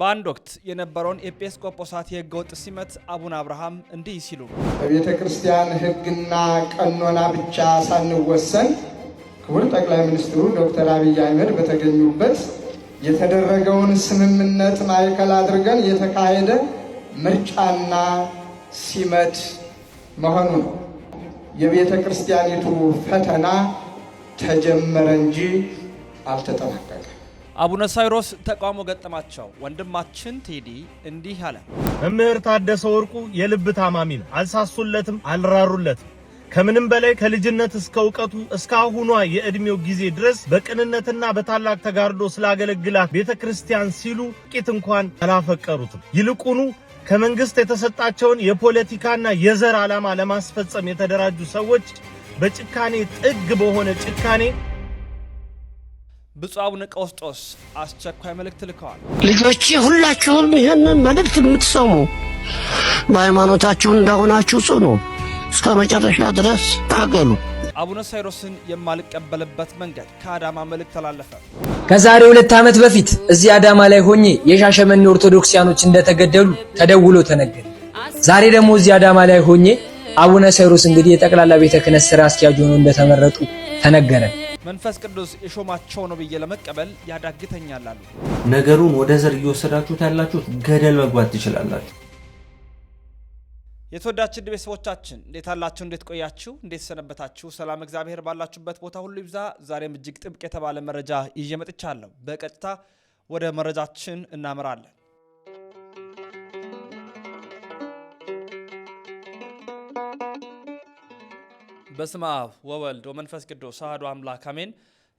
በአንድ ወቅት የነበረውን ኤጲስቆጶሳት የህገ ወጥ ሲመት አቡነ አብርሃም እንዲህ ሲሉ በቤተ ክርስቲያን ህግና ቀኖና ብቻ ሳንወሰን ክቡር ጠቅላይ ሚኒስትሩ ዶክተር አብይ አህመድ በተገኙበት የተደረገውን ስምምነት ማዕከል አድርገን የተካሄደ ምርጫና ሲመት መሆኑ ነው። የቤተ ክርስቲያኒቱ ፈተና ተጀመረ እንጂ አልተጠናቀቀ። አቡነ ሳይሮስ ተቃውሞ ገጠማቸው። ወንድማችን ቴዲ እንዲህ አለ። መምህር ታደሰ ወርቁ የልብ ታማሚ ነው። አልሳሱለትም፣ አልራሩለትም። ከምንም በላይ ከልጅነት እስከ እውቀቱ እስከ አሁኗ የዕድሜው ጊዜ ድረስ በቅንነትና በታላቅ ተጋርዶ ስላገለግላት ቤተ ክርስቲያን ሲሉ ጥቂት እንኳን አላፈቀሩትም። ይልቁኑ ከመንግሥት የተሰጣቸውን የፖለቲካና የዘር ዓላማ ለማስፈጸም የተደራጁ ሰዎች በጭካኔ ጥግ በሆነ ጭካኔ ብፁዕ አቡነ ቀውስጦስ አስቸኳይ መልእክት ልከዋል። ልጆቼ ሁላችሁም ይህንን መልእክት የምትሰሙ በሃይማኖታችሁ እንደሆናችሁ ጽኑ፣ እስከ መጨረሻ ድረስ ታገሉ። አቡነ ሳይሮስን የማልቀበልበት መንገድ ከአዳማ መልእክት ተላለፈ። ከዛሬ ሁለት ዓመት በፊት እዚህ አዳማ ላይ ሆኜ የሻሸመኔ ኦርቶዶክሲያኖች እንደተገደሉ ተደውሎ ተነገረ። ዛሬ ደግሞ እዚህ አዳማ ላይ ሆኜ አቡነ ሳይሮስ እንግዲህ የጠቅላላ ቤተ ክህነት ስራ አስኪያጅ ሆነው እንደተመረጡ ተነገረ። መንፈስ ቅዱስ የሾማቸው ነው ብዬ ለመቀበል ያዳግተኛል አሉ። ነገሩን ወደ ዘር እየወሰዳችሁት ያላችሁት ገደል መግባት ትችላላችሁ። የተወዳችን ቤተሰቦቻችን እንዴት አላችሁ? እንዴት ቆያችሁ? እንዴት ሰነበታችሁ? ሰላም እግዚአብሔር ባላችሁበት ቦታ ሁሉ ይብዛ። ዛሬም እጅግ ጥብቅ የተባለ መረጃ ይዤ መጥቻለሁ። በቀጥታ ወደ መረጃችን እናመራለን። በስመ አብ ወወልድ ወመንፈስ ቅዱስ አሐዱ አምላክ አሜን።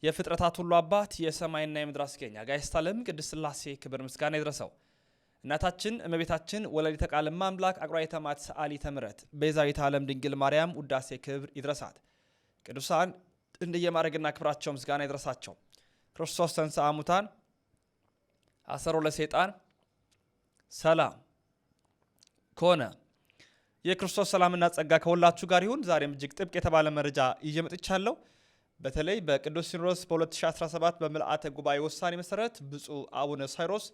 የፍጥረታት ሁሉ አባት የሰማይና የምድር አስገኛ ጋይስት ዓለም ቅድስት ሥላሴ ክብር ምስጋና ይድረሰው። እናታችን እመቤታችን ወላዲተ ቃል አምላክ አቁራይ ተማት ሰአሊተ ምሕረት ቤዛዊተ ዓለም ድንግል ማርያም ውዳሴ ክብር ይድረሳት። ቅዱሳን እንደየማድረግና ክብራቸው ምስጋና ይድረሳቸው። ክርስቶስ ተንሥአ እሙታን አሰሮ ለሰይጣን ሰላም ኮነ የክርስቶስ ሰላምና ጸጋ ከሁላችሁ ጋር ይሁን። ዛሬም እጅግ ጥብቅ የተባለ መረጃ ይዤ መጥቻለሁ። በተለይ በቅዱስ ሲኖዶስ በ2017 በምልአተ ጉባኤ ውሳኔ መሰረት ብፁዕ አቡነ ሳይሮስ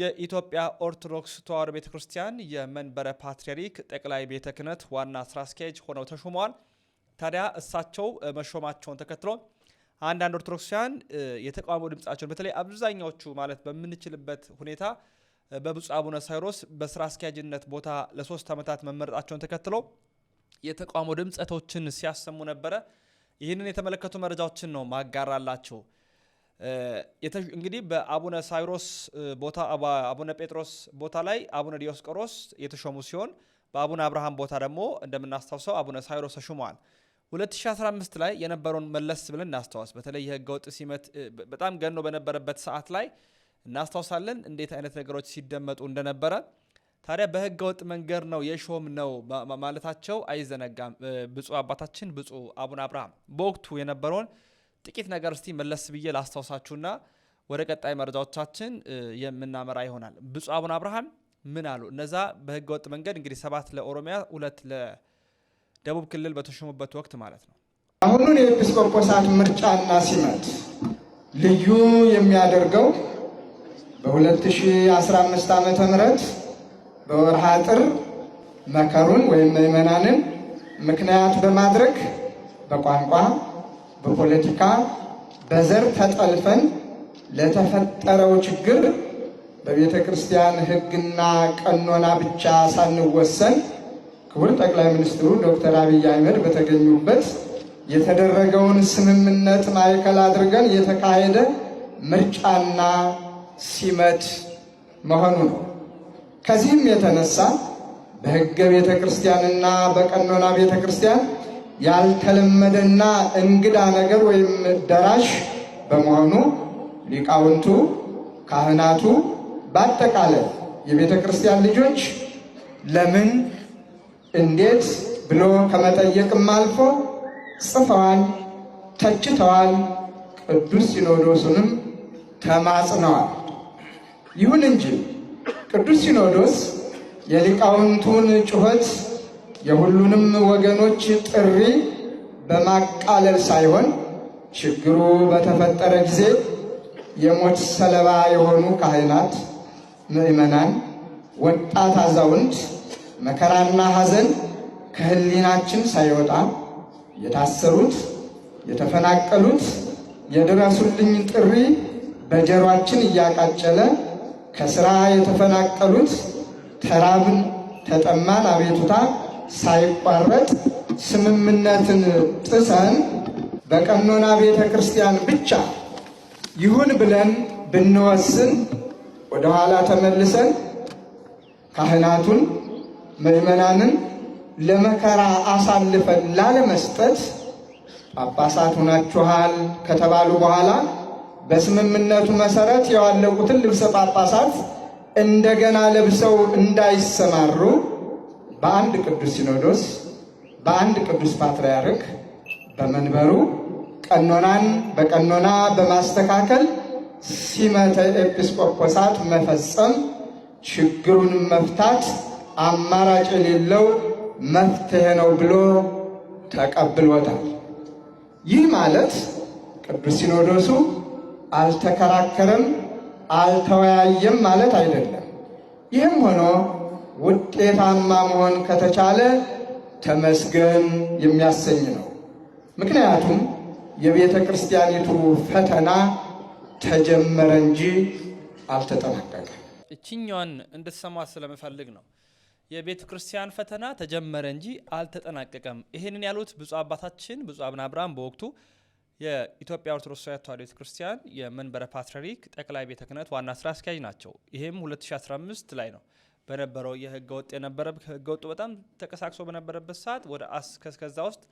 የኢትዮጵያ ኦርቶዶክስ ተዋሕዶ ቤተ ክርስቲያን የመንበረ ፓትርያርክ ጠቅላይ ቤተ ክህነት ዋና ስራ አስኪያጅ ሆነው ተሹመዋል። ታዲያ እሳቸው መሾማቸውን ተከትሎ አንዳንድ ኦርቶዶክሳውያን የተቃውሞ ድምጻቸውን በተለይ አብዛኛዎቹ ማለት በምንችልበት ሁኔታ በብፁዕ አቡነ ሳይሮስ በስራ አስኪያጅነት ቦታ ለሶስት ዓመታት መመረጣቸውን ተከትሎ የተቃውሞ ድምጸቶችን ሲያሰሙ ነበረ። ይህንን የተመለከቱ መረጃዎችን ነው ማጋራላቸው። እንግዲህ በአቡነ ሳይሮስ ቦታ አቡነ ጴጥሮስ ቦታ ላይ አቡነ ዲዮስቆሮስ የተሾሙ ሲሆን በአቡነ አብርሃም ቦታ ደግሞ እንደምናስታውሰው አቡነ ሳይሮስ ተሹመዋል። 2015 ላይ የነበረውን መለስ ብለን እናስታውስ። በተለይ የህገ ወጥ ሲመት በጣም ገኖ በነበረበት ሰዓት ላይ እናስታውሳለን እንዴት አይነት ነገሮች ሲደመጡ እንደነበረ። ታዲያ በህገ ወጥ መንገድ ነው የሾም ነው ማለታቸው አይዘነጋም። ብፁዕ አባታችን ብፁዕ አቡነ አብርሃም በወቅቱ የነበረውን ጥቂት ነገር እስቲ መለስ ብዬ ላስታውሳችሁና ወደ ቀጣይ መረጃዎቻችን የምናመራ ይሆናል። ብፁዕ አቡነ አብርሃም ምን አሉ? እነዛ በህገ ወጥ መንገድ እንግዲህ ሰባት ለኦሮሚያ ሁለት ለደቡብ ክልል በተሾሙበት ወቅት ማለት ነው። አሁኑን የኤጲስቆጶሳት ምርጫና ሲመት ልዩ የሚያደርገው በ2015 ዓመተ ምህረት በወርሃ ጥር መከሩን ወይም ምዕመናንን ምክንያት በማድረግ በቋንቋ፣ በፖለቲካ፣ በዘር ተጠልፈን ለተፈጠረው ችግር በቤተ ክርስቲያን ሕግና ቀኖና ብቻ ሳንወሰን ክቡር ጠቅላይ ሚኒስትሩ ዶክተር አብይ አህመድ በተገኙበት የተደረገውን ስምምነት ማዕከል አድርገን የተካሄደ ምርጫና ሲመት መሆኑ ነው። ከዚህም የተነሳ በሕገ ቤተ ክርስቲያንና በቀኖና ቤተ ክርስቲያን ያልተለመደና እንግዳ ነገር ወይም ደራሽ በመሆኑ ሊቃውንቱ፣ ካህናቱ፣ በአጠቃላይ የቤተ ክርስቲያን ልጆች ለምን እንዴት ብሎ ከመጠየቅም አልፎ ጽፈዋል፣ ተችተዋል፣ ቅዱስ ሲኖዶሱንም ተማጽነዋል። ይሁን እንጂ ቅዱስ ሲኖዶስ የሊቃውንቱን ጩኸት የሁሉንም ወገኖች ጥሪ በማቃለል ሳይሆን ችግሩ በተፈጠረ ጊዜ የሞት ሰለባ የሆኑ ካህናት፣ ምዕመናን፣ ወጣት አዛውንት መከራና ሐዘን ከህሊናችን ሳይወጣ የታሰሩት፣ የተፈናቀሉት የድረሱልኝ ጥሪ በጀሯችን እያቃጨለ ከስራ የተፈናቀሉት ተራብን፣ ተጠማን አቤቱታ ሳይቋረጥ ስምምነትን ጥሰን በቀኖና ቤተ ክርስቲያን ብቻ ይሁን ብለን ብንወስን ወደኋላ ተመልሰን ካህናቱን ምዕመናንን ለመከራ አሳልፈን ላለመስጠት ጳጳሳት ሆናችኋል ከተባሉ በኋላ በስምምነቱ መሰረት የዋለቁትን ልብሰ ጳጳሳት እንደገና ለብሰው እንዳይሰማሩ በአንድ ቅዱስ ሲኖዶስ በአንድ ቅዱስ ፓትርያርክ በመንበሩ ቀኖናን በቀኖና በማስተካከል ሲመተ ኤጲስቆጶሳት መፈጸም ችግሩንም መፍታት አማራጭ የሌለው መፍትሄ ነው ብሎ ተቀብሎታል። ይህ ማለት ቅዱስ ሲኖዶሱ አልተከራከረም፣ አልተወያየም ማለት አይደለም። ይህም ሆኖ ውጤታማ መሆን ከተቻለ ተመስገን የሚያሰኝ ነው። ምክንያቱም የቤተ ክርስቲያኒቱ ፈተና ተጀመረ እንጂ አልተጠናቀቀም። እችኛዋን እንድትሰማ ስለምፈልግ ነው። የቤተ ክርስቲያን ፈተና ተጀመረ እንጂ አልተጠናቀቀም። ይህንን ያሉት ብፁዕ አባታችን ብፁዕ አቡነ አብርሃም በወቅቱ የኢትዮጵያ ኦርቶዶክስ ተዋሕዶ ቤተ ክርስቲያን የመንበረ ፓትርያርክ ጠቅላይ ቤተ ክህነት ዋና ስራ አስኪያጅ ናቸው። ይህም 2015 ላይ ነው በነበረው የህገ ወጥ የነበረ ህገ ወጡ በጣም ተቀሳቅሶ በነበረበት ሰዓት ወደ አስከስከዛ ውስጥ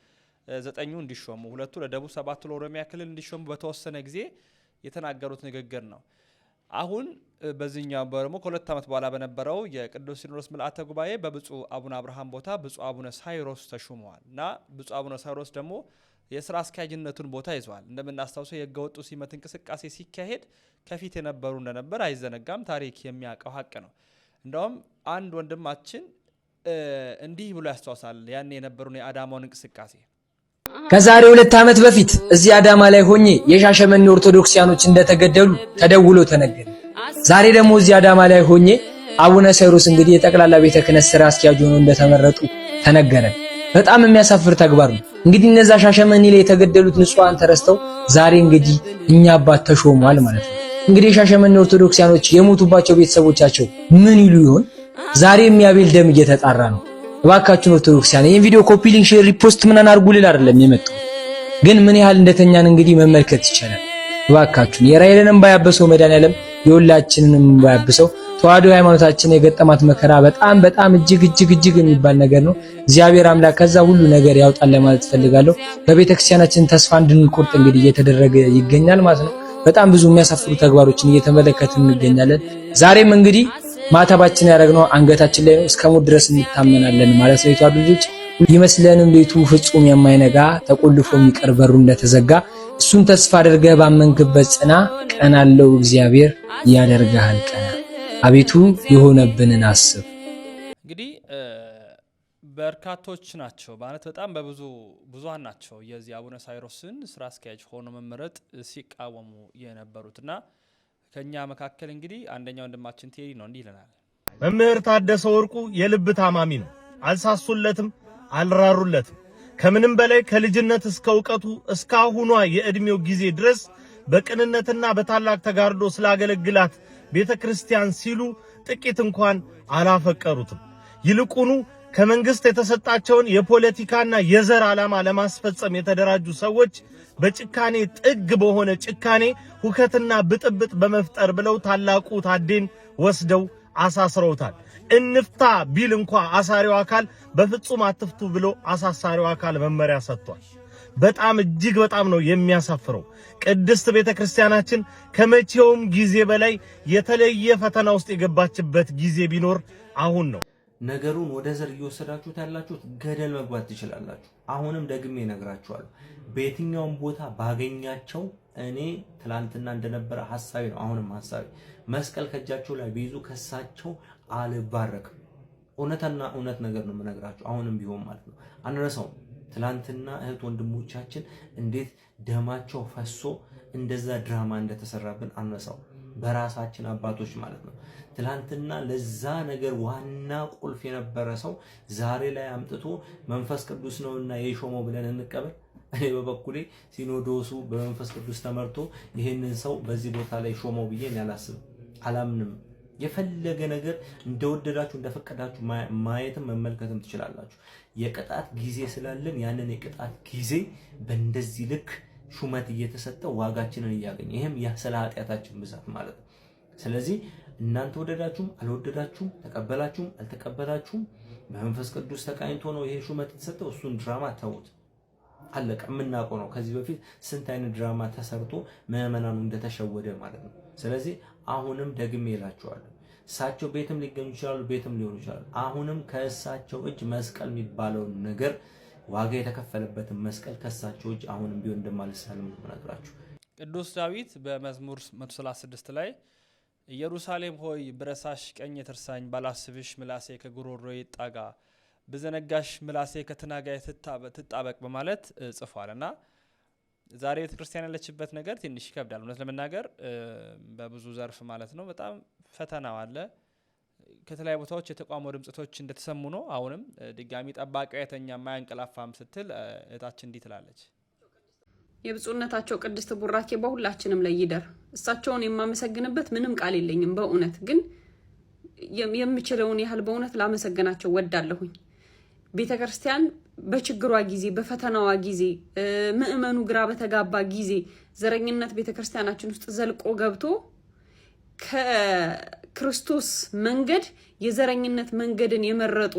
ዘጠኙ እንዲሾሙ፣ ሁለቱ ለደቡብ፣ ሰባቱ ለኦሮሚያ ክልል እንዲሾሙ በተወሰነ ጊዜ የተናገሩት ንግግር ነው። አሁን በዚህኛው ደግሞ ከሁለት ዓመት በኋላ በነበረው የቅዱስ ሲኖዶስ ምልአተ ጉባኤ በብፁዕ አቡነ አብርሃም ቦታ ብፁዕ አቡነ ሳይሮስ ተሹመዋል እና ብፁዕ አቡነ ሳይሮስ ደግሞ የስራ አስኪያጅነቱን ቦታ ይዘዋል። እንደምናስታውሰው የህገወጡ ሲመት እንቅስቃሴ ሲካሄድ ከፊት የነበሩ እንደነበር አይዘነጋም። ታሪክ የሚያውቀው ሀቅ ነው። እንደውም አንድ ወንድማችን እንዲህ ብሎ ያስታውሳል ያን የነበሩን የአዳማውን እንቅስቃሴ ከዛሬ ሁለት ዓመት በፊት እዚህ አዳማ ላይ ሆኜ የሻሸመኔ ኦርቶዶክሲያኖች እንደተገደሉ ተደውሎ ተነገረ። ዛሬ ደግሞ እዚህ አዳማ ላይ ሆኜ አቡነ ሳይሮስ እንግዲህ የጠቅላላ ቤተ ክህነት ስራ አስኪያጅ ሆኖ እንደተመረጡ ተነገረን። በጣም የሚያሳፍር ተግባር ነው። እንግዲህ እነዛ ሻሸመኔ ላይ የተገደሉት ንጹሃን ተረስተው ዛሬ እንግዲህ እኛ አባት ተሾሟል ማለት ነው። እንግዲህ የሻሸመኔ ኦርቶዶክሳኖች የሞቱባቸው ቤተሰቦቻቸው ምን ይሉ ይሆን? ዛሬ የሚያቤል ደም እየተጣራ ነው። እባካችሁን ኦርቶዶክሳን ይህን ቪዲዮ ኮፒ፣ ሊንክ፣ ሼር፣ ሪፖስት ምናን አርጉልል አይደለም የመጣው ግን ምን ያህል እንደተኛን እንግዲህ መመልከት ይቻላል። እባካችሁን የራይለንም ባያበሰው መድኃኒዓለም የሁላችንንም ባያብሰው ተዋህዶ ሃይማኖታችን የገጠማት መከራ በጣም በጣም እጅግ እጅግ እጅግ የሚባል ነገር ነው። እግዚአብሔር አምላክ ከዛ ሁሉ ነገር ያውጣል ለማለት ፈልጋለሁ። በቤተክርስቲያናችን ተስፋ እንድንቆርጥ እንግዲህ እየተደረገ ይገኛል ማለት ነው። በጣም ብዙ የሚያሳፍሩ ተግባሮችን እየተመለከትን እንገኛለን። ዛሬም እንግዲህ ማተባችን ያደረግነው አንገታችን ላይ ነው። እስከ ሞት ድረስ እንታመናለን ማለት ነው። የተዋህዶ ልጆች ይመስለንም ቤቱ ፍጹም የማይነጋ ተቆልፎ የሚቀር በሩ እንደተዘጋ እሱን ተስፋ አድርገህ ባመንክበት ጽና። ቀናለው እግዚአብሔር ያደርግሃል ቀና አቤቱ የሆነብንን አስብ። እንግዲህ በርካቶች ናቸው ማለት በጣም በብዙ ብዙሀን ናቸው የዚህ አቡነ ሳይሮስን ስራ አስኪያጅ ሆኖ መመረጥ ሲቃወሙ የነበሩት እና ከእኛ መካከል እንግዲህ አንደኛ ወንድማችን ቴሪ ነው። እንዲህ ይለናል። መምህር ታደሰ ወርቁ የልብ ታማሚ ነው። አልሳሱለትም፣ አልራሩለትም። ከምንም በላይ ከልጅነት እስከ እውቀቱ እስካሁኗ የዕድሜው ጊዜ ድረስ በቅንነትና በታላቅ ተጋርዶ ስላገለግላት ቤተ ክርስቲያን ሲሉ ጥቂት እንኳን አላፈቀሩትም። ይልቁኑ ከመንግስት የተሰጣቸውን የፖለቲካና የዘር ዓላማ ለማስፈጸም የተደራጁ ሰዎች በጭካኔ ጥግ በሆነ ጭካኔ ሁከትና ብጥብጥ በመፍጠር ብለው ታላቁ ታዴን ወስደው አሳስረውታል። እንፍታ ቢል እንኳ አሳሪው አካል በፍጹም አትፍቱ ብሎ አሳሳሪው አካል መመሪያ ሰጥቷል። በጣም እጅግ በጣም ነው የሚያሳፍረው። ቅድስት ቤተክርስቲያናችን ከመቼውም ጊዜ በላይ የተለየ ፈተና ውስጥ የገባችበት ጊዜ ቢኖር አሁን ነው። ነገሩን ወደ ዘር እየወሰዳችሁት ያላችሁት ገደል መግባት ትችላላችሁ። አሁንም ደግሜ እነግራችኋለሁ፣ በየትኛውም ቦታ ባገኛቸው እኔ ትላንትና እንደነበረ ሀሳቢ ነው። አሁንም ሀሳቢ መስቀል ከእጃቸው ላይ ቢይዙ ከሳቸው አልባረክም። እውነትና እውነት ነገር ነው የምነግራችሁ። አሁንም ቢሆን ማለት ነው አንረሳውም ትላንትና እህት ወንድሞቻችን እንዴት ደማቸው ፈሶ እንደዛ ድራማ እንደተሰራብን አነሳው በራሳችን አባቶች ማለት ነው። ትላንትና ለዛ ነገር ዋና ቁልፍ የነበረ ሰው ዛሬ ላይ አምጥቶ መንፈስ ቅዱስ ነውና የሾመው ብለን እንቀበል። እኔ በበኩሌ ሲኖዶሱ በመንፈስ ቅዱስ ተመርቶ ይህንን ሰው በዚህ ቦታ ላይ ሾመው ብዬ ያላስብ አላምንም። የፈለገ ነገር እንደወደዳችሁ እንደፈቀዳችሁ ማየትም መመልከትም ትችላላችሁ። የቅጣት ጊዜ ስላለን ያንን የቅጣት ጊዜ በእንደዚህ ልክ ሹመት እየተሰጠ ዋጋችንን እያገኘ ይህም ስለ ኃጢአታችን ብዛት ማለት ነው። ስለዚህ እናንተ ወደዳችሁም አልወደዳችሁም ተቀበላችሁም አልተቀበላችሁም በመንፈስ ቅዱስ ተቃኝቶ ነው ይሄ ሹመት የተሰጠው። እሱን ድራማ ተውት። አለቀ። የምናውቀው ነው። ከዚህ በፊት ስንት አይነት ድራማ ተሰርቶ ምዕመናኑ እንደተሸወደ ማለት ነው። ስለዚህ አሁንም ደግሜ እላቸዋለሁ እሳቸው ቤትም ሊገኙ ይችላሉ፣ ቤትም ሊሆኑ ይችላሉ። አሁንም ከእሳቸው እጅ መስቀል የሚባለውን ነገር ዋጋ የተከፈለበትን መስቀል ከእሳቸው እጅ አሁንም ቢሆን እንደማልሳልም ነው የምነግራችሁ። ቅዱስ ዳዊት በመዝሙር 136 ላይ ኢየሩሳሌም ሆይ ብረሳሽ ቀኝ ትርሳኝ፣ ባላስብሽ ምላሴ ከጉሮሮዬ ይጣጋ ብዘነጋሽ ምላሴ ከትናጋይ ትጣበቅ በማለት ጽፏል እና ዛሬ ቤተክርስቲያን ያለችበት ነገር ትንሽ ይከብዳል። እውነት ለመናገር በብዙ ዘርፍ ማለት ነው በጣም ፈተናው አለ። ከተለያዩ ቦታዎች የተቋሞ ድምጽቶች እንደተሰሙ ነው። አሁንም ድጋሚ ጠባቂ የተኛ ማያንቀላፋም ስትል እህታችን እንዲህ ትላለች። የብፁዕነታቸው ቅድስት ቡራኬ በሁላችንም ላይ ይደር። እሳቸውን የማመሰግንበት ምንም ቃል የለኝም። በእውነት ግን የምችለውን ያህል በእውነት ላመሰግናቸው ወዳለሁኝ። ቤተ ክርስቲያን በችግሯ ጊዜ በፈተናዋ ጊዜ ምእመኑ ግራ በተጋባ ጊዜ ዘረኝነት ቤተ ክርስቲያናችን ውስጥ ዘልቆ ገብቶ ከክርስቶስ መንገድ የዘረኝነት መንገድን የመረጡ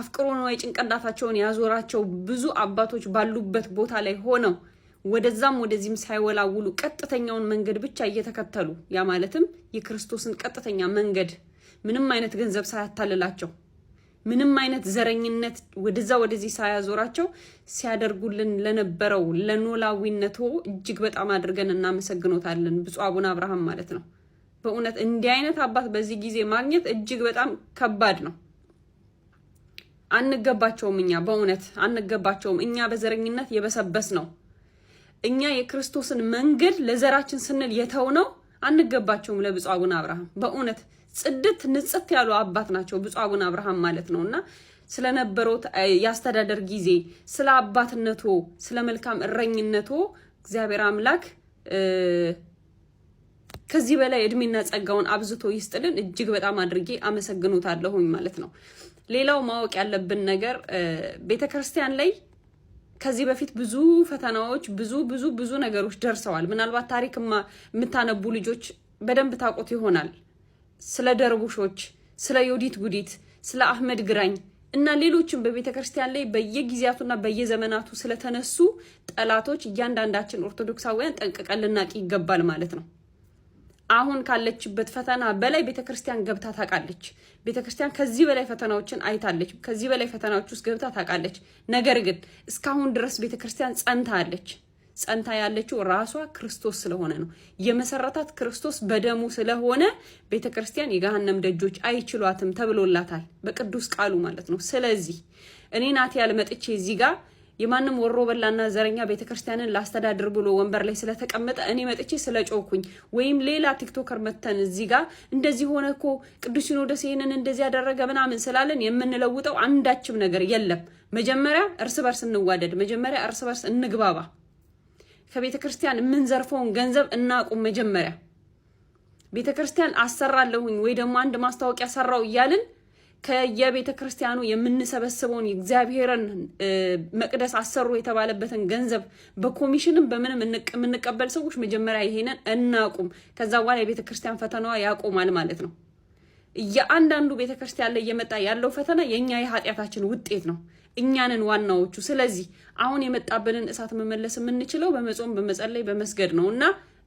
አፍቅሮ ነዋይ ጭንቅላታቸውን ያዞራቸው ብዙ አባቶች ባሉበት ቦታ ላይ ሆነው ወደዛም ወደዚህም ሳይወላውሉ ቀጥተኛውን መንገድ ብቻ እየተከተሉ ያ ማለትም የክርስቶስን ቀጥተኛ መንገድ ምንም አይነት ገንዘብ ሳያታልላቸው ምንም አይነት ዘረኝነት ወደዛ ወደዚህ ሳያዞራቸው ሲያደርጉልን ለነበረው ለኖላዊነቶ እጅግ በጣም አድርገን እናመሰግኖታለን። ብፁዕ አቡነ አብርሃም ማለት ነው። በእውነት እንዲህ አይነት አባት በዚህ ጊዜ ማግኘት እጅግ በጣም ከባድ ነው። አንገባቸውም። እኛ በእውነት አንገባቸውም። እኛ በዘረኝነት የበሰበስ ነው። እኛ የክርስቶስን መንገድ ለዘራችን ስንል የተው ነው። አንገባቸውም ለብፁዕ አቡነ አብርሃም በእውነት ጽድት ንጽት ያሉ አባት ናቸው ብፁዕ አቡነ አብርሃም ማለት ነው እና ስለነበረው የአስተዳደር ጊዜ ስለ አባትነቶ ስለ መልካም እረኝነቶ እግዚአብሔር አምላክ ከዚህ በላይ እድሜና ጸጋውን አብዝቶ ይስጥልን። እጅግ በጣም አድርጌ አመሰግኖታለሁኝ ማለት ነው። ሌላው ማወቅ ያለብን ነገር ቤተ ክርስቲያን ላይ ከዚህ በፊት ብዙ ፈተናዎች፣ ብዙ ብዙ ብዙ ነገሮች ደርሰዋል። ምናልባት ታሪክማ የምታነቡ ልጆች በደንብ ታውቁት ይሆናል። ስለ ደርቡሾች፣ ስለ ዮዲት ጉዲት፣ ስለ አህመድ ግራኝ እና ሌሎችም በቤተ ክርስቲያን ላይ በየጊዜያቱና በየዘመናቱ ስለተነሱ ጠላቶች እያንዳንዳችን ኦርቶዶክሳውያን ጠንቅቀን ልናቅ ይገባል ማለት ነው። አሁን ካለችበት ፈተና በላይ ቤተ ክርስቲያን ገብታ ታውቃለች። ቤተ ክርስቲያን ከዚህ በላይ ፈተናዎችን አይታለች። ከዚህ በላይ ፈተናዎች ውስጥ ገብታ ታውቃለች። ነገር ግን እስካሁን ድረስ ቤተ ክርስቲያን አለች ጸንታ ያለችው ራሷ ክርስቶስ ስለሆነ ነው። የመሰረታት ክርስቶስ በደሙ ስለሆነ ቤተ ክርስቲያን የገሃነም ደጆች አይችሏትም ተብሎላታል በቅዱስ ቃሉ ማለት ነው። ስለዚህ እኔ ናት ያልመጥቼ እዚህ ጋር የማንም ወሮ በላና ዘረኛ ቤተክርስቲያንን ላስተዳድር ብሎ ወንበር ላይ ስለተቀመጠ እኔ መጥቼ ስለ ወይም ሌላ ቲክቶከር መተን እዚህ ጋር እንደዚህ ሆነ እኮ ቅዱስ ሲኖዶስ ይህንን እንደዚህ ያደረገ ምናምን ስላለን የምንለውጠው አንዳችም ነገር የለም። መጀመሪያ እርስ በርስ እንዋደድ። መጀመሪያ እርስ በርስ እንግባባ። ከቤተ ክርስቲያን የምንዘርፈውን ገንዘብ እናቁም። መጀመሪያ ቤተ ክርስቲያን አሰራለሁኝ ወይ ደግሞ አንድ ማስታወቂያ ሰራው እያልን ከየቤተ ክርስቲያኑ የምንሰበስበውን የእግዚአብሔርን መቅደስ አሰሩ የተባለበትን ገንዘብ በኮሚሽንም በምንም የምንቀበል ሰዎች መጀመሪያ ይሄንን እናቁም። ከዛ በኋላ የቤተ ክርስቲያን ፈተናዋ ያቆማል ማለት ነው። የአንዳንዱ ቤተ ክርስቲያን ላይ እየመጣ ያለው ፈተና የእኛ የኃጢአታችን ውጤት ነው። እኛንን ዋናዎቹ። ስለዚህ አሁን የመጣብንን እሳት መመለስ የምንችለው በመጾም በመጸለይ በመስገድ ነው እና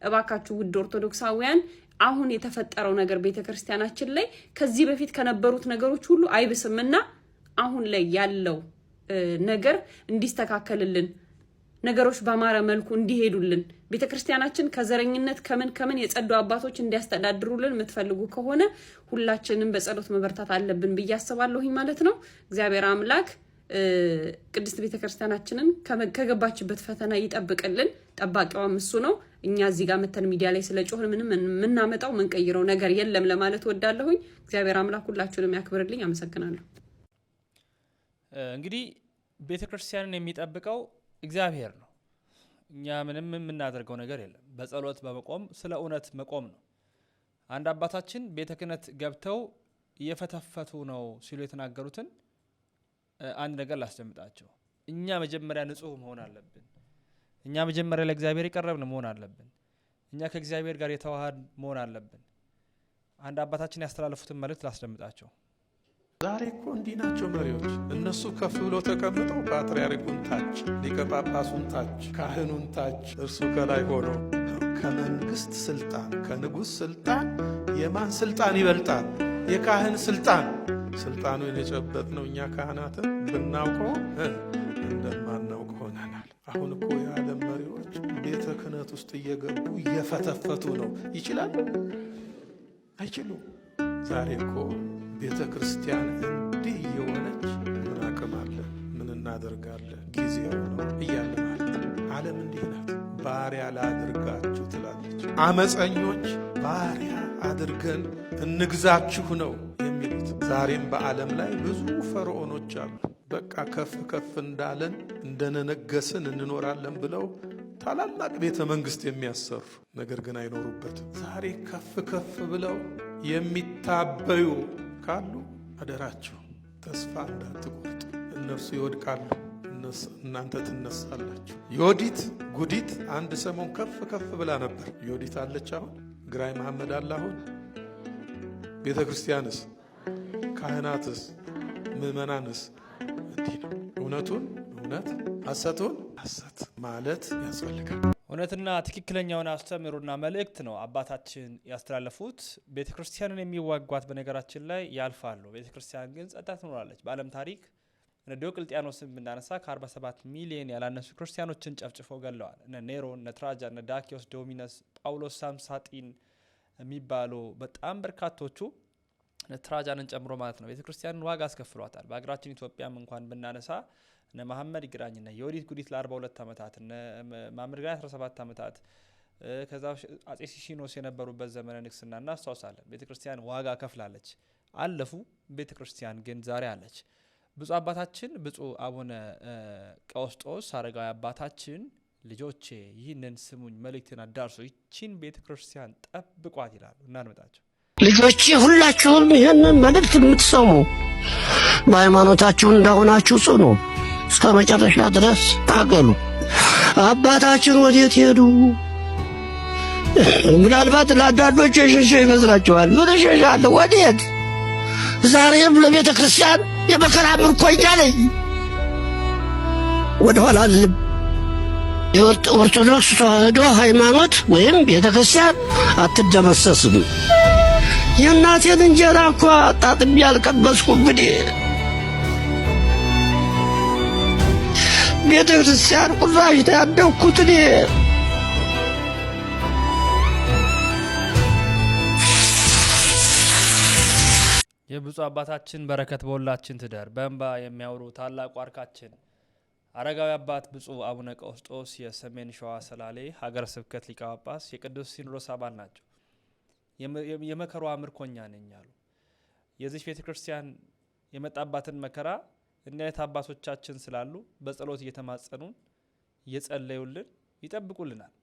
እባካችሁ ውድ ኦርቶዶክሳውያን አሁን የተፈጠረው ነገር ቤተ ክርስቲያናችን ላይ ከዚህ በፊት ከነበሩት ነገሮች ሁሉ አይብስም እና አሁን ላይ ያለው ነገር እንዲስተካከልልን ነገሮች በአማረ መልኩ እንዲሄዱልን ቤተ ክርስቲያናችን ከዘረኝነት ከምን ከምን የጸዱ አባቶች እንዲያስተዳድሩልን የምትፈልጉ ከሆነ ሁላችንም በጸሎት መበርታት አለብን ብዬ አስባለሁኝ ማለት ነው። እግዚአብሔር አምላክ ቅድስት ቤተክርስቲያናችንን ከገባችበት ፈተና ይጠብቅልን። ጠባቂዋም እሱ ነው። እኛ እዚህ ጋር መተን ሚዲያ ላይ ስለ ምንም የምናመጣው የምንቀይረው ነገር የለም ለማለት ወዳለሁኝ። እግዚአብሔር አምላክ ሁላችሁንም ያክብርልኝ። አመሰግናለሁ። እንግዲህ ቤተክርስቲያንን የሚጠብቀው እግዚአብሔር ነው። እኛ ምንም የምናደርገው ነገር የለም። በጸሎት በመቆም ስለ እውነት መቆም ነው። አንድ አባታችን ቤተ ክህነት ገብተው እየፈተፈቱ ነው ሲሉ የተናገሩትን አንድ ነገር ላስደምጣቸው። እኛ መጀመሪያ ንጹህ መሆን አለብን። እኛ መጀመሪያ ለእግዚአብሔር የቀረብን መሆን አለብን። እኛ ከእግዚአብሔር ጋር የተዋሃድ መሆን አለብን። አንድ አባታችን ያስተላለፉትን መልእክት ላስደምጣቸው። ዛሬ እኮ እንዲህ ናቸው መሪዎች። እነሱ ከፍ ብሎ ተቀምጠው ፓትርያርኩን ታች፣ ሊቀ ጳጳሱን ታች፣ ካህኑን ታች፣ እርሱ ከላይ ሆኖ ከመንግስት ስልጣን ከንጉሥ ስልጣን የማን ስልጣን ይበልጣል? የካህን ስልጣን ስልጣኑን ነው እኛ ካህናትን ብናውቀው እንደማናውቅ ሆነናል። አሁን እኮ የዓለም መሪዎች ቤተ ክህነት ውስጥ እየገቡ እየፈተፈቱ ነው። ይችላል? አይችሉም። ዛሬ እኮ ቤተ ክርስቲያን እንዲህ እየሆነች ምን አቅም አለ? ምን እናደርጋለን? ጊዜው ነው እያለማለን። ዓለም እንዲህ ናት። ባሪያ ላድርጋችሁ ትላለች። አመፀኞች ባሪያ አድርገን እንግዛችሁ ነው ዛሬም በዓለም ላይ ብዙ ፈርዖኖች አሉ። በቃ ከፍ ከፍ እንዳለን እንደነነገስን እንኖራለን ብለው ታላላቅ ቤተ መንግስት የሚያሰሩ ነገር ግን አይኖሩበትም። ዛሬ ከፍ ከፍ ብለው የሚታበዩ ካሉ አደራቸው ተስፋ እንዳትቆርጡ። እነርሱ ይወድቃሉ፣ እናንተ ትነሳላችሁ። ዮዲት ጉዲት አንድ ሰሞን ከፍ ከፍ ብላ ነበር። ዮዲት አለች አሁን። ግራኝ መሐመድ አለ አሁን። ቤተ ክርስቲያንስ ካህናትስ ምእመናንስ እንዲህ ነው። እውነቱን እውነት ሐሰቱን ሐሰት ማለት ያስፈልጋል። እውነትና ትክክለኛውን አስተምህሮና መልእክት ነው አባታችን ያስተላለፉት። ቤተ ክርስቲያንን የሚዋጓት በነገራችን ላይ ያልፋሉ። ቤተ ክርስቲያን ግን ጸጥታ ትኖራለች። በዓለም ታሪክ እነ ዲዮቅልጥያኖስን ብናነሳ ከ47 ሚሊዮን ያላነሱ ክርስቲያኖችን ጨፍጭፈው ገለዋል። እነ ኔሮን፣ እነ ትራጃ፣ እነ ዳኪዎስ ዶሚነስ፣ ጳውሎስ ሳምሳጢን የሚባሉ በጣም በርካቶቹ ነትራጃንን ጨምሮ ማለት ነው ቤተክርስቲያንን ዋጋ አስከፍሏታል። በሀገራችን ኢትዮጵያም እንኳን ብናነሳ እነ መሐመድ ይግራኝ ና የወዲት ጉዲት ለ42 ዓመታት እነ ማምድ ግራኝ 17 ዓመታት ከዛ አጼ ሲሺኖስ የነበሩበት ዘመነ ንግስና እናስታውሳለን። ቤተ ክርስቲያን ዋጋ ከፍላለች፣ አለፉ። ቤተ ክርስቲያን ግን ዛሬ አለች። ብፁ አባታችን ብፁ አቡነ ቀውስጦስ አረጋዊ አባታችን ልጆቼ ይህንን ስሙኝ መልእክትን አዳርሶ ይቺን ቤተ ክርስቲያን ጠብቋት ይላሉ። እናንመጣቸው ልጆቼ ሁላችሁም ይህንን መልእክት የምትሰሙ በሃይማኖታችሁ እንደሆናችሁ ጽኑ፣ እስከ መጨረሻ ድረስ ታገሉ። አባታችን ወዴት ሄዱ? ምናልባት ለአንዳንዶች የሸሸ ይመስላችኋል። ምን እሸሻለሁ? ወዴት? ዛሬም ለቤተ ክርስቲያን የመከራ ምርኮኛ ነኝ። ወደኋላ አልልም። የኦርቶዶክስ ተዋህዶ ሃይማኖት ወይም ቤተ ክርስቲያን አትደመሰስም። የእናቴን እንጀራ እኳ ጣጥቤ ያልቀበስኩ! ብኔ ቤተ ክርስቲያን ቁራሽ ያደግኩት እኔ የብፁ አባታችን በረከት በሁላችን ትደር። በእንባ የሚያወሩ ታላቁ አርካችን አረጋዊ አባት ብፁ አቡነ ቀውስጦስ የሰሜን ሸዋ ሰላሌ ሀገረ ስብከት ሊቀ ጳጳስ የቅዱስ ሲኖዶስ አባል ናቸው። የመከሯ ምርኮኛ ነኝ አሉ። የዚች ቤተ ክርስቲያን የመጣባትን መከራ እናየት አባቶቻችን ስላሉ በጸሎት እየተማጸኑን እየጸለዩልን ይጠብቁልናል።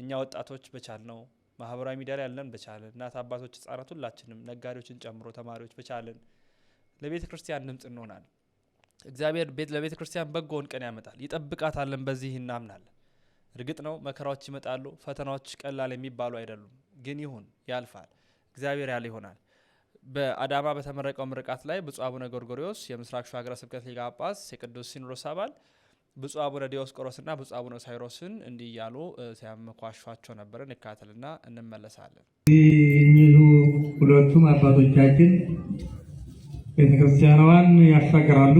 እኛ ወጣቶች በቻልነው ማህበራዊ ሚዲያ ላይ ያለን በቻለን እናት አባቶች፣ ህጻናት፣ ሁላችንም ነጋዴዎችን ጨምሮ ተማሪዎች በቻለን ለቤተ ክርስቲያን ድምፅ እንሆናል። እግዚአብሔር ለቤተ ክርስቲያን በጎውን ቀን ያመጣል፣ ይጠብቃታለን። በዚህ እናምናለን። እርግጥ ነው መከራዎች ይመጣሉ። ፈተናዎች ቀላል የሚባሉ አይደሉም። ግን ይሁን ያልፋል፣ እግዚአብሔር ያለ ይሆናል። በአዳማ በተመረቀው ምርቃት ላይ ብፁዕ አቡነ ጎርጎሪዎስ የምስራቅ ሸዋ ሀገረ ስብከት ሊቀ ጳጳስ፣ የቅዱስ ሲኖዶስ አባል ብፁዕ አቡነ ዲዮስቆሮስና ብፁዕ አቡነ ሳይሮስን እንዲህ እያሉ ሲያመኳሿቸው ነበር። እንካተልና እንመለሳለን። እኚሁ ሁለቱም አባቶቻችን ቤተክርስቲያኗን ያሻግራሉ፣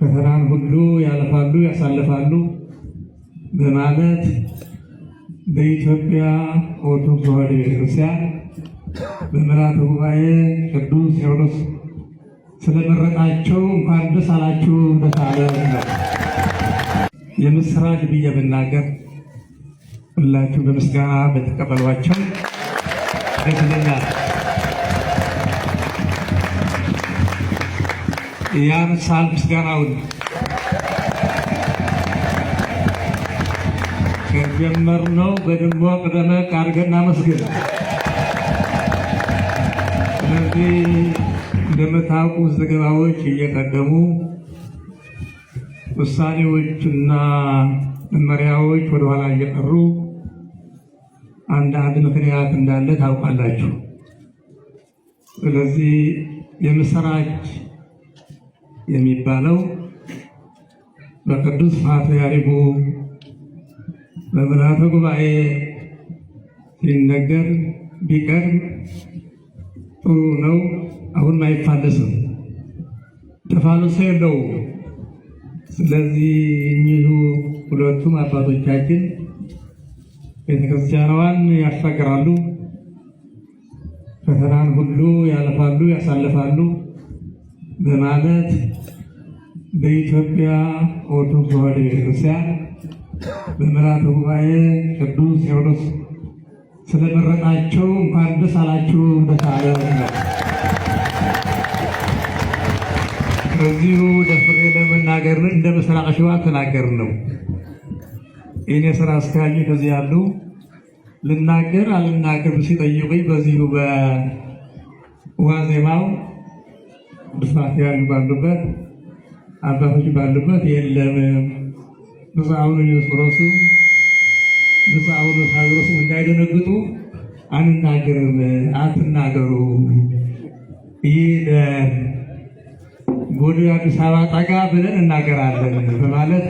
ፈተናን ሁሉ ያለፋሉ፣ ያሳልፋሉ በማለት በኢትዮጵያ ኦርቶዶክስ ተዋሕዶ ቤተክርስቲያን በምልዓተ ጉባኤ ቅዱስ ሄሮድስ ስለመረጣቸው እንኳን ደስ አላችሁ ደስ አለን። የምስራች ብዬ ብናገር ሁላችሁ በምስጋና በተቀበሏቸው ደስ ይለኛል። ያን ሳል ምስጋናውን የጀመርነው በድንቦቅ ደመቅ አድርገን እናመስግን። ስለዚህ እንደምታውቁ ዘገባዎች እየቀደሙ ውሳኔዎችና መመሪያዎች ወደኋላ እየቀሩ አንዳንድ ምክንያት እንዳለ ታውቃላችሁ። ስለዚህ የምስራች የሚባለው በቅዱስ ፓትርያርኩ በምልዓተ ጉባኤ ሲነገር ቢቀርብ ጥሩ ነው። አሁን አይፋለስም፣ ተፋልሶ የለው ስለዚህ እኚሁ ሁለቱም አባቶቻችን ቤተክርስቲያኗን ያሻግራሉ፣ ፈተናን ሁሉ ያለፋሉ፣ ያሳልፋሉ በማለት በኢትዮጵያ ኦርቶዶክስ ተዋሕዶ ቤተክርስቲያን መምህራተ ጉባኤ ቅዱስ ቴዎድሮስ ስለመረጣቸው እንኳን ደስ አላችሁ። በታለ እዚሁ ደፍሬ ለመናገር እንደ ምስራቅ ሸዋ ተናገር ነው። የኔ ስራ አስኪያጅ ከዚህ ያሉ ልናገር አልናገር ሲጠይቁኝ በዚሁ በዋዜማው ድስራት ያሉ ባሉበት አባቶች ባሉበት የለም ብፁዕ አቡነ ዲዮስቆሮስ እንዳይደነግጡ አንናገርም፣ አትናገሩ። ይህ ለጎዱ አዲስ አበባ ጠጋ ብለን እናገራለን በማለት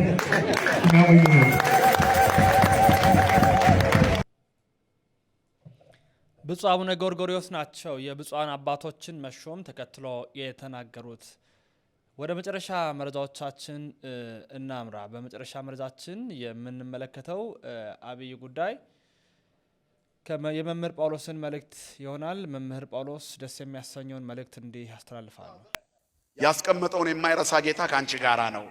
ብፁዕ አቡነ ጎርጎሪዎስ ናቸው የብፁዓን አባቶችን መሾም ተከትሎ የተናገሩት። ወደ መጨረሻ መረጃዎቻችን እናምራ። በመጨረሻ መረጃችን የምንመለከተው አብይ ጉዳይ የመምህር ጳውሎስን መልእክት ይሆናል። መምህር ጳውሎስ ደስ የሚያሰኘውን መልእክት እንዲህ ያስተላልፋሉ። ያስቀመጠውን የማይረሳ ጌታ ከአንቺ ጋራ ነው።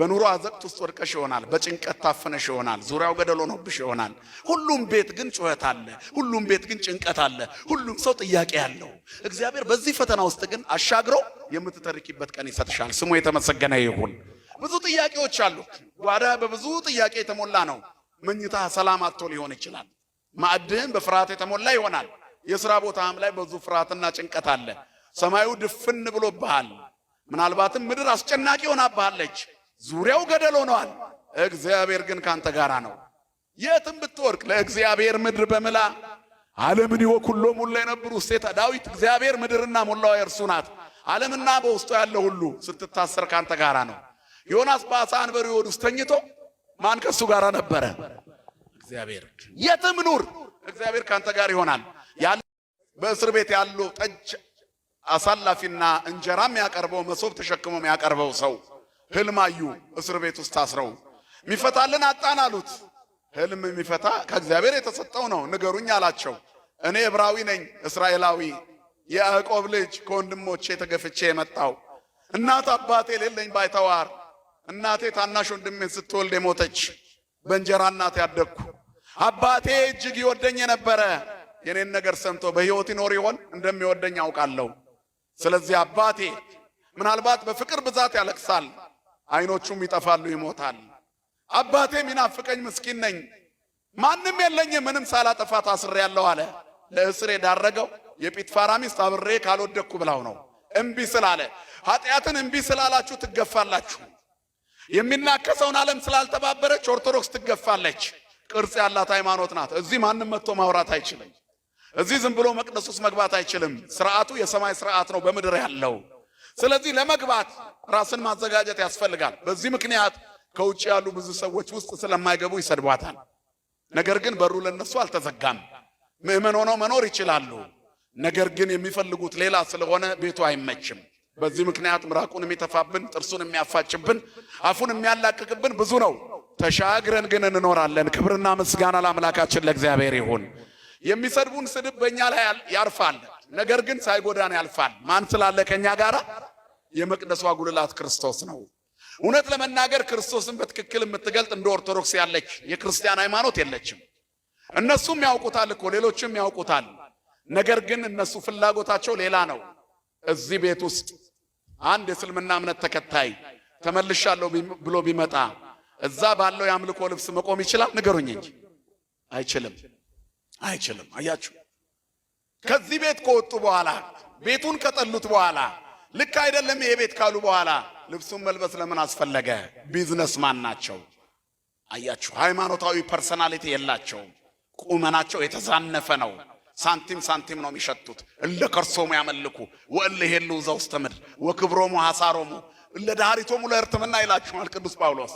በኑሮ አዘቅት ውስጥ ወድቀሽ ይሆናል። በጭንቀት ታፍነሽ ይሆናል። ዙሪያው ገደል ሆኖብሽ ይሆናል። ሁሉም ቤት ግን ጩኸት አለ። ሁሉም ቤት ግን ጭንቀት አለ። ሁሉም ሰው ጥያቄ አለው። እግዚአብሔር በዚህ ፈተና ውስጥ ግን አሻግሮ የምትተርኪበት ቀን ይሰጥሻል። ስሙ የተመሰገነ ይሁን። ብዙ ጥያቄዎች አሉ። ጓዳ በብዙ ጥያቄ የተሞላ ነው። መኝታ ሰላም አጥቶ ሊሆን ይችላል። ማዕድህም በፍርሃት የተሞላ ይሆናል። የሥራ ቦታም ላይ ብዙ ፍርሃትና ጭንቀት አለ። ሰማዩ ድፍን ብሎብሃል። ምናልባትም ምድር አስጨናቂ ሆናብሃለች። ዙሪያው ገደል ሆኗል። እግዚአብሔር ግን ካንተ ጋራ ነው። የትም ብትወርቅ ለእግዚአብሔር ምድር በምላ ዓለምን ይወኩሎ ሙሉ የነብሩ ሴታ ዳዊት እግዚአብሔር ምድርና ሞላዋ የእርሱ ናት፣ ዓለምና በውስጡ ያለ ሁሉ ስትታሰር ካንተ ጋራ ነው። ዮናስ በአሳ አንበሪ ሆድ ውስጥ ተኝቶ ማን ከሱ ጋራ ነበረ? እግዚአብሔር። የትም ኑር እግዚአብሔር ካንተ ጋር ይሆናል። ያለ በእስር ቤት ያለው ጠጅ አሳላፊና እንጀራ የሚያቀርበው መሶብ ተሸክሞ የሚያቀርበው ሰው ህልም አዩ። እስር ቤት ውስጥ ታስረው የሚፈታልን አጣን አሉት። ህልም የሚፈታ ከእግዚአብሔር የተሰጠው ነው፣ ንገሩኝ አላቸው። እኔ ዕብራዊ ነኝ፣ እስራኤላዊ የያዕቆብ ልጅ ከወንድሞቼ ተገፍቼ የመጣው እናት አባቴ ሌለኝ ባይተዋር፣ እናቴ ታናሽ ወንድሜን ስትወልድ የሞተች በእንጀራ እናት ያደግኩ አባቴ እጅግ ይወደኝ የነበረ የኔን ነገር ሰምቶ በሕይወት ይኖር ይሆን? እንደሚወደኝ አውቃለሁ። ስለዚህ አባቴ ምናልባት በፍቅር ብዛት ያለቅሳል አይኖቹም ይጠፋሉ፣ ይሞታል። አባቴ ሚናፍቀኝ ምስኪን ነኝ፣ ማንም የለኝ፣ ምንም ሳላጠፋ ታስሬ ያለው አለ። ለእስር የዳረገው የጲጥፋራ ሚስት አብሬ ካልወደቅኩ ብላው ነው። እምቢ ስላለ ኃጢአትን እምቢ ስላላችሁ ትገፋላችሁ። የሚናከሰውን ዓለም ስላልተባበረች ኦርቶዶክስ ትገፋለች። ቅርጽ ያላት ሃይማኖት ናት። እዚህ ማንም መጥቶ ማውራት አይችልም። እዚህ ዝም ብሎ መቅደስ ውስጥ መግባት አይችልም። ስርዓቱ የሰማይ ስርዓት ነው በምድር ያለው ስለዚህ ለመግባት ራስን ማዘጋጀት ያስፈልጋል። በዚህ ምክንያት ከውጭ ያሉ ብዙ ሰዎች ውስጥ ስለማይገቡ ይሰድቧታል። ነገር ግን በሩ ለነሱ አልተዘጋም። ምእመን ሆነው መኖር ይችላሉ። ነገር ግን የሚፈልጉት ሌላ ስለሆነ ቤቱ አይመችም። በዚህ ምክንያት ምራቁን የሚተፋብን፣ ጥርሱን የሚያፋጭብን፣ አፉን የሚያላቅቅብን ብዙ ነው። ተሻግረን ግን እንኖራለን። ክብርና ምስጋና ለአምላካችን ለእግዚአብሔር ይሁን። የሚሰድቡን ስድብ በእኛ ላይ ያርፋል። ነገር ግን ሳይጎዳን ያልፋል። ማን ስላለ ከኛ ጋር? የመቅደሷ ጉልላት ክርስቶስ ነው። እውነት ለመናገር ክርስቶስን በትክክል የምትገልጥ እንደ ኦርቶዶክስ ያለች የክርስቲያን ሃይማኖት የለችም። እነሱም ያውቁታል እኮ ሌሎችም ያውቁታል። ነገር ግን እነሱ ፍላጎታቸው ሌላ ነው። እዚህ ቤት ውስጥ አንድ የእስልምና እምነት ተከታይ ተመልሻለሁ ብሎ ቢመጣ እዛ ባለው የአምልኮ ልብስ መቆም ይችላል? ንገሩኝ እንጂ አይችልም። አይችልም። አያችሁ ከዚህ ቤት ከወጡ በኋላ ቤቱን ከጠሉት በኋላ ልክ አይደለም ይሄ ቤት ካሉ በኋላ ልብሱን መልበስ ለምን አስፈለገ? ማን ናቸው። አያችሁ፣ ሃይማኖታዊ ፐርሰናሊቲ የላቸውም። ቁመናቸው የተዛነፈ ነው። ሳንቲም ሳንቲም ነው የሚሸጡት። እለ ከርሶሙ ያመልኩ ወእለ ሄሉ ዘውስተ ምድር ወክብሮሙ ሐሳሮሙ እለ ዳሪቶሙ ለእርትምና ይላችኋል ቅዱስ ጳውሎስ።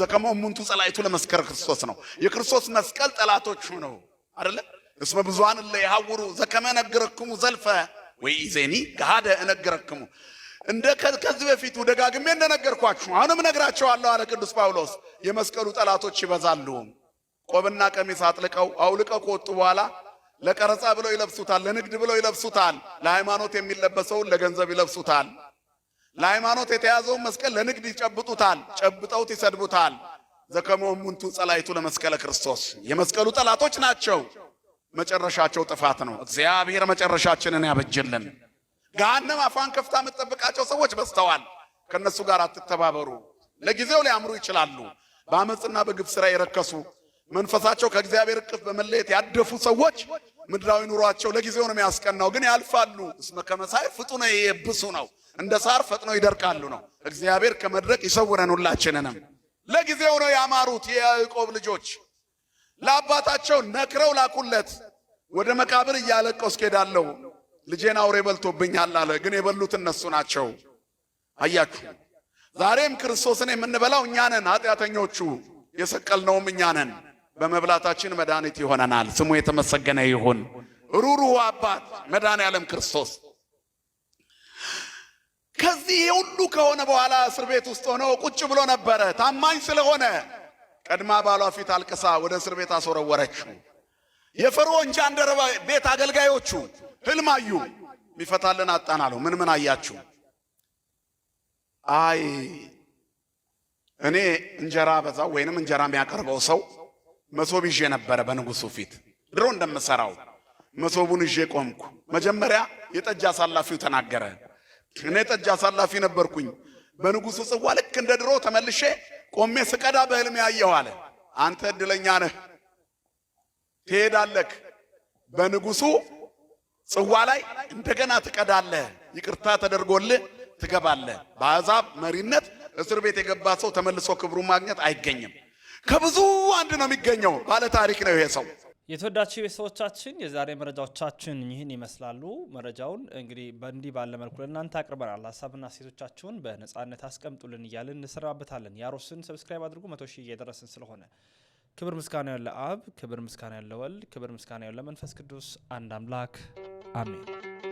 ዘከመ እሙንቱ ጸላይቱ ለመስከረ ክርስቶስ ነው። የክርስቶስ መስቀል ጠላቶቹ ነው አደለም? እስመ ብዙሃን እለ ይሐውሩ ዘከመ እነግረክሙ ዘልፈ ወኢዜኒ ገሃደ እነግረክሙ። እንደ ከዚህ በፊቱ ደጋግሜ እንደነገርኳችሁ አሁንም እነግራቸዋለሁ አለ ቅዱስ ጳውሎስ። የመስቀሉ ጠላቶች ይበዛሉ። ቆብና ቀሚስ አጥልቀው አውልቀው ከወጡ በኋላ ለቀረጻ ብለው ይለብሱታል፣ ለንግድ ብለው ይለብሱታል። ለሃይማኖት የሚለበሰውን ለገንዘብ ይለብሱታል። ለሃይማኖት የተያዘውን መስቀል ለንግድ ይጨብጡታል፣ ጨብጠውት ይሰድቡታል። ዘከመ እሙንቱ ጸላይቱ ለመስቀለ ክርስቶስ የመስቀሉ ጠላቶች ናቸው። መጨረሻቸው ጥፋት ነው። እግዚአብሔር መጨረሻችንን ያበጅልን። ገሃነም አፏን ከፍታ የምትጠብቃቸው ሰዎች በዝተዋል። ከእነሱ ጋር አትተባበሩ። ለጊዜው ሊያምሩ ይችላሉ። በአመፅና በግብ ሥራ የረከሱ መንፈሳቸው ከእግዚአብሔር እቅፍ በመለየት ያደፉ ሰዎች ምድራዊ ኑሯቸው ለጊዜው ነው የሚያስቀናው፣ ግን ያልፋሉ። እስመ ከመ ሣዕር ፍጡነ የብሱ ነው፣ እንደ ሳር ፈጥኖ ይደርቃሉ ነው። እግዚአብሔር ከመድረቅ ይሰውረን ሁላችንንም። ለጊዜው ነው ያማሩት የያዕቆብ ልጆች ለአባታቸው ነክረው ላኩለት ወደ መቃብር እያለቀስኩ እሄዳለሁ። ልጄን አውሬ በልቶብኛል አለ። ግን የበሉት እነሱ ናቸው። አያችሁ፣ ዛሬም ክርስቶስን የምንበላው እኛ ነን፣ ኃጢአተኞቹ የሰቀልነውም እኛ ነን። በመብላታችን መድኃኒት ይሆነናል። ስሙ የተመሰገነ ይሁን። ሩሩህ አባት መድኃኔ ዓለም ክርስቶስ ከዚህ ሁሉ ከሆነ በኋላ እስር ቤት ውስጥ ሆኖ ቁጭ ብሎ ነበረ። ታማኝ ስለሆነ ቀድማ ባሏ ፊት አልቅሳ ወደ እስር ቤት አስወረወረችው። የፈርዖን ጃንደረባ ቤት አገልጋዮቹ ህልም አዩ። የሚፈታልን አጣን አለው። ምን ምን አያችሁ? አይ እኔ እንጀራ በዛ ወይንም እንጀራ የሚያቀርበው ሰው መሶብ ይዤ ነበረ በንጉሱ ፊት ድሮ እንደምሰራው መሶቡን ይዤ ቆምኩ። መጀመሪያ የጠጅ አሳላፊው ተናገረ። እኔ ጠጅ አሳላፊ ነበርኩኝ። በንጉሱ ጽዋ ልክ እንደ ድሮ ተመልሼ ቆሜ ስቀዳ በህልም ያየሁ አለ። አንተ እድለኛ ነህ ትሄዳለህ በንጉሱ ጽዋ ላይ እንደገና ትቀዳለህ፣ ይቅርታ ተደርጎልህ ትገባለህ። በአሕዛብ መሪነት እስር ቤት የገባ ሰው ተመልሶ ክብሩን ማግኘት አይገኝም። ከብዙ አንድ ነው የሚገኘው። ባለ ታሪክ ነው ይሄ ሰው። የተወዳችሁ ቤተሰቦቻችን የዛሬ መረጃዎቻችን ይህን ይመስላሉ። መረጃውን እንግዲህ በእንዲህ ባለ መልኩ ለእናንተ አቅርበናል። ሀሳብና ሴቶቻችሁን በነጻነት አስቀምጡልን እያልን እንሰራበታለን። ያሮስን ሰብስክራይብ አድርጉ። መቶ ሺህ እየደረስን ስለሆነ ክብር ምስጋና ያለ አብ፣ ክብር ምስጋና ያለ ወልድ፣ ክብር ምስጋና ያለ መንፈስ ቅዱስ አንድ አምላክ አሜን።